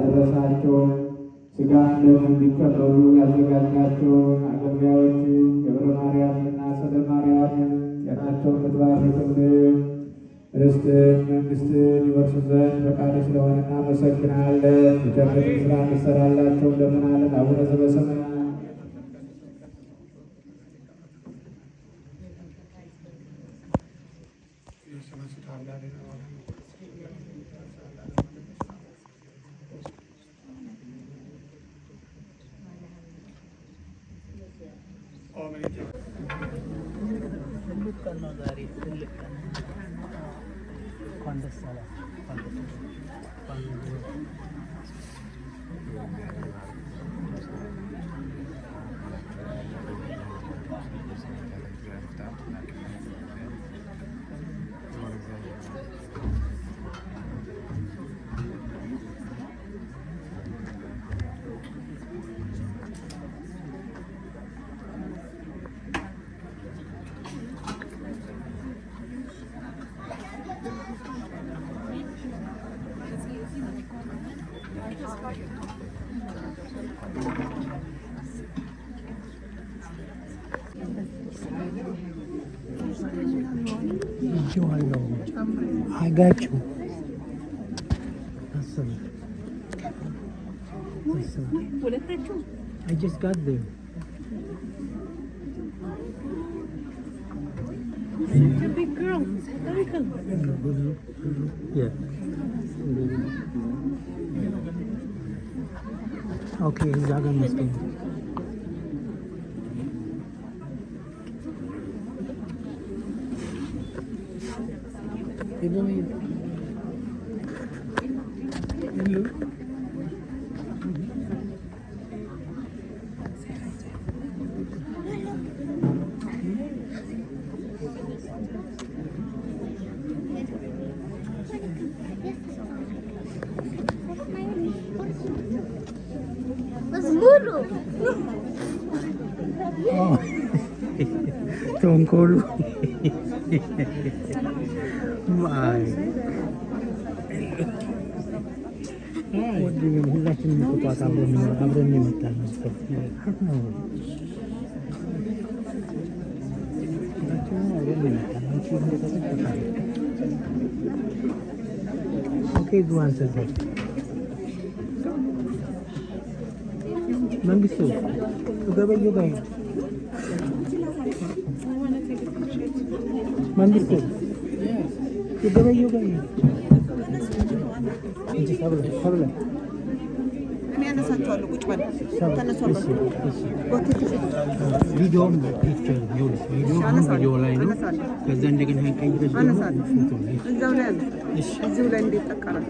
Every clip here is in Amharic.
ያደረሳቸውን ስጋ ደም እንዲቀበሉ ያዘጋጃቸውን አገልጋዮችን ገብረ ማርያምና ሰደ ማርያምን ጤናቸው ምድባር ክልል ርስትን መንግስትን ይወርሱ ዘንድ ፈቃድ ስለሆነ እናመሰግናለን። የተምር ስራ እንሰራላቸው ለምናለን አቡነ ዘበሰማያት ಕನ್ನೋದಾರಿ ಇಲ್ಲಿ ಕೊಂಡ ಸ್ಥಳ ಕೊಂಡ ಕೊಂಡ I got you. Awesome. Awesome. I just got there. Such a big girl. Yeah. Okay, he's not gonna ఇల్లు ఇల్లు Tungkol. Abre mi ventana, por favor. Okay, go answer that. Ma'am, Bisu, so go back, go back. Ma'am, Bisu, so go back, go back. Just have a look, have a look. ያነሳቸዋለሁ። ቁጭ በል ተነሷል። ቪዲዮም ቪዲዮ ላይ ነው። ከዛ እንደገና እዚሁ ላይ እንዴት ጠቀራል።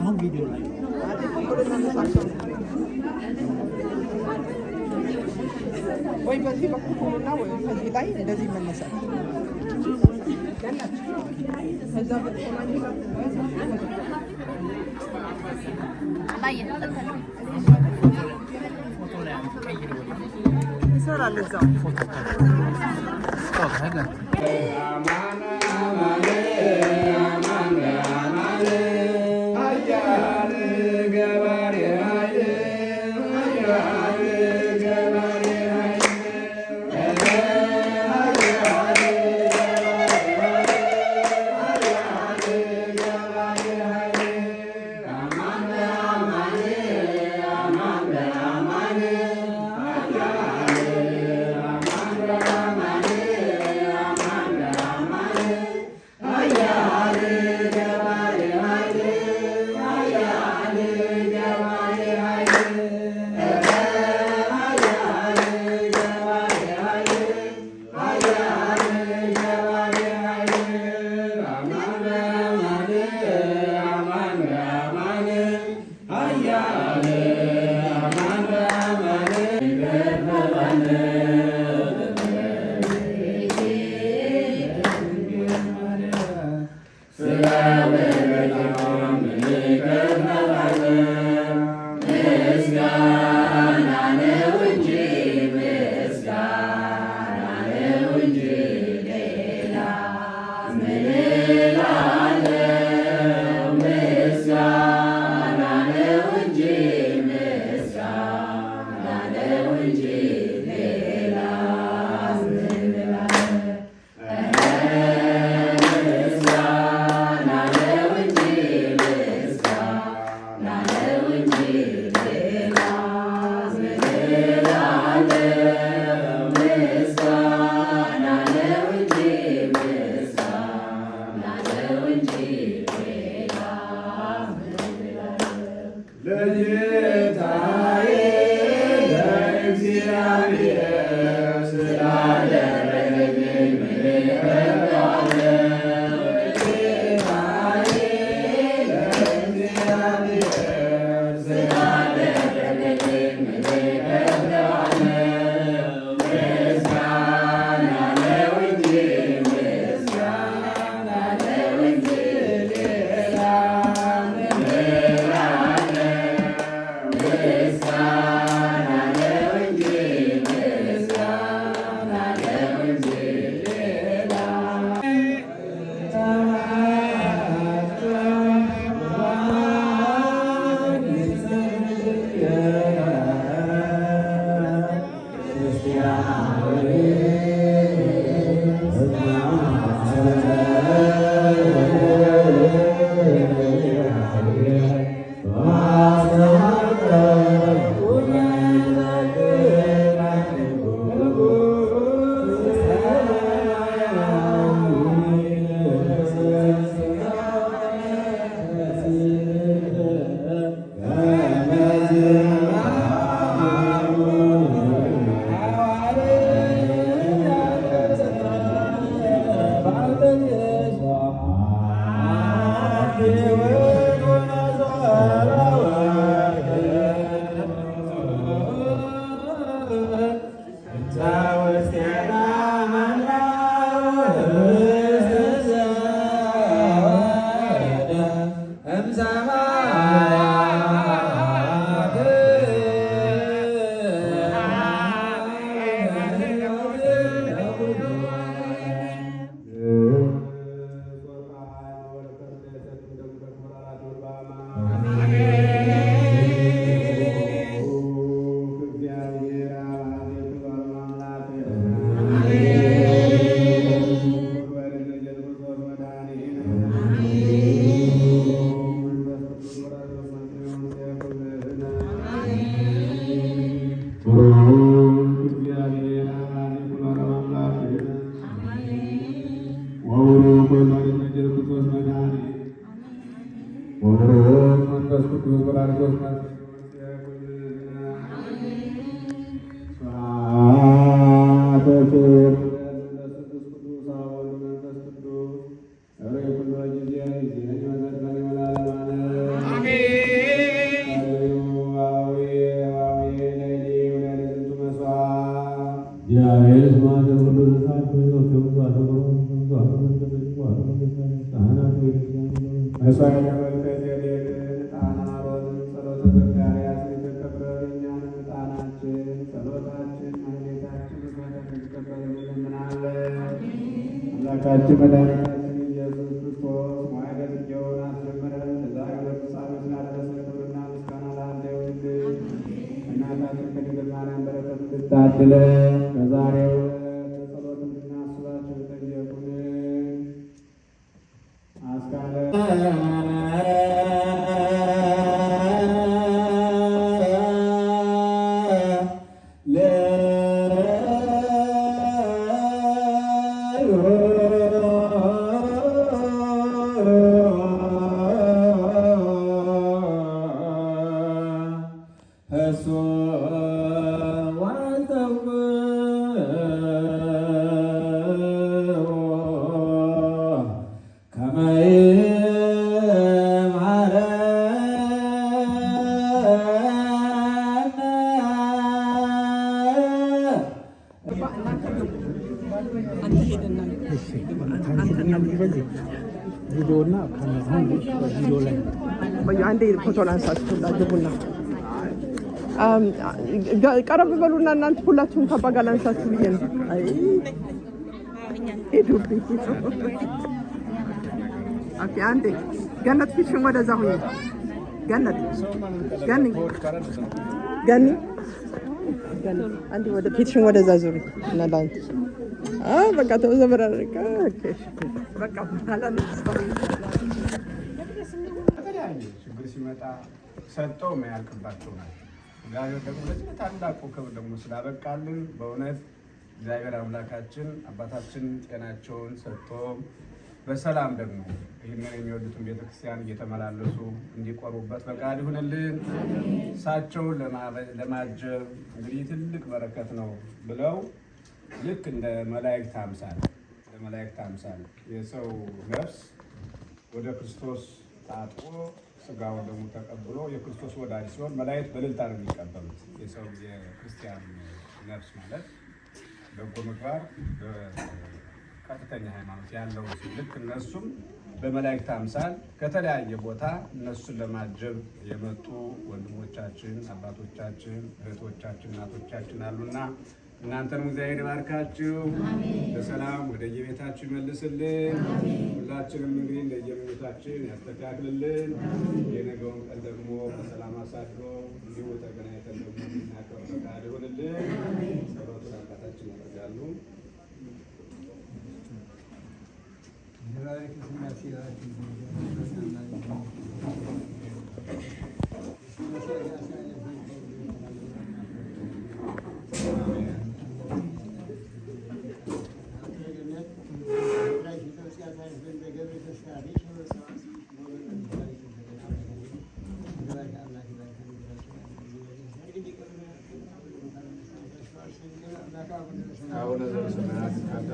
አሁን ቪዲዮ ላይ ወይ በዚህ በኩል ሆኖና ወይ ከዚህ ላይ እንደዚህ መነሳት ከዛ عليا صار اللزوم فوتو هذا መስዋዕተ በልተ እግዚአብሔርን ዕጣን አሮንን ጸሎተ ዘካርያስ የተከበረ እኛንም ዕጣናችን ጸሎታችን ማህሌታችን መስዋዕታችን የተቀበለን እንለምናለን። አምላካችን መድኃኒታችን ኢየሱስ ክርስቶስ መዋዕለ ጽጌውን አስጀመረን ለዛሬ በፍጻሜ ስላደረሰን ክብርና ምስጋና ላንተ ይሁንልን። እናታችን ከድንግል ማርያም በረከት እንድታድለን ቀረብ በሉና እናንተ ሁላችሁም ካባ ጋር ላንሳችሁ ብዬ ነው። አንዴ ገነት ፊትሽን ወደዛ ሁኝ። ገነት ገኒ ገኒ አንዴ ወደ ፊትሽን ወደዛ ዙሪ እና ላንቺ በቃ ተዘበራረቀ። በቃ በተለያየ ችግር ሲመጣ ሰጠው የማያልቅባቸው ናቸው። እግዚአብሔር ደግሞ ለዚህ ታላቁ ክብር ደግሞ ስላበቃልን በእውነት እግዚአብሔር አምላካችን አባታችን ጤናቸውን ሰጥቶ በሰላም ደግሞ ይህንን የሚወዱትን ቤተክርስቲያን እየተመላለሱ እንዲቆርቡበት ፈቃድ ይሁንልን። እሳቸውን ለማጀብ እንግዲህ ትልቅ በረከት ነው ብለው ልክ እንደ መላእክት አምሳል እንደ መላእክት አምሳል የሰው ነፍስ ወደ ክርስቶስ ታጥቆ ስጋውን ደግሞ ተቀብሎ የክርስቶስ ወዳጅ ሲሆን መላይት በልልታ ነው የሚቀበሉት። የሰው የክርስቲያን ነፍስ ማለት በጎ ምግባር፣ በቀጥተኛ ሃይማኖት ያለው ልክ እነሱም በመላእክት አምሳል ከተለያየ ቦታ እነሱን ለማጀብ የመጡ ወንድሞቻችን፣ አባቶቻችን፣ እህቶቻችን፣ እናቶቻችን አሉና እናንተንም እግዚአብሔር ይባርካችሁ፣ በሰላም ወደ የቤታችሁ ይመልስልን። ሁላችንም እንግዲህ እንደ የምኞታችን ያስተካክልልን። የነገውን ቀን ደግሞ በሰላም አሳድሮ እንዲሁ ተገናኝተን ደግሞ የሚናገር ፈቃድ ይሆንልን። ጸሎት አባታችን ያደርጋሉ።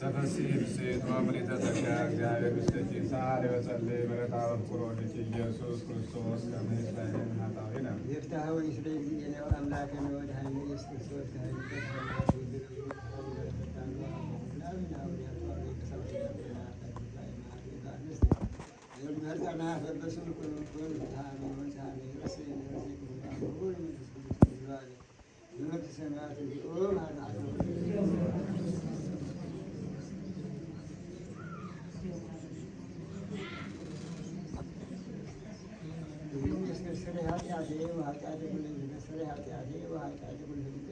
ተፈሲህ ብስት ወምልዕተ ጸጋ እግዚአብሔር ብስተቲ ሰዓሊ ወጸልይ በረታ ወፍቁሮን ኢየሱስ ክርስቶስ ከመ ይፍታሕን ኃጣውኢነ ይፍታሕው ይስለ ዜናው አምላክ ወድሃይነ ኢየሱስ ክርስቶስ ህፃናት በበስልኩን ኩን ታሚ ወንሳሚ ርሴ ಸರಿ ಹಾಕಿ ಅದೇ ಹಾಕಿ ಅದೇ ಸರಿ ಹಾಕಿ ಅದೇ ಹಾಕಿ ಅದೇ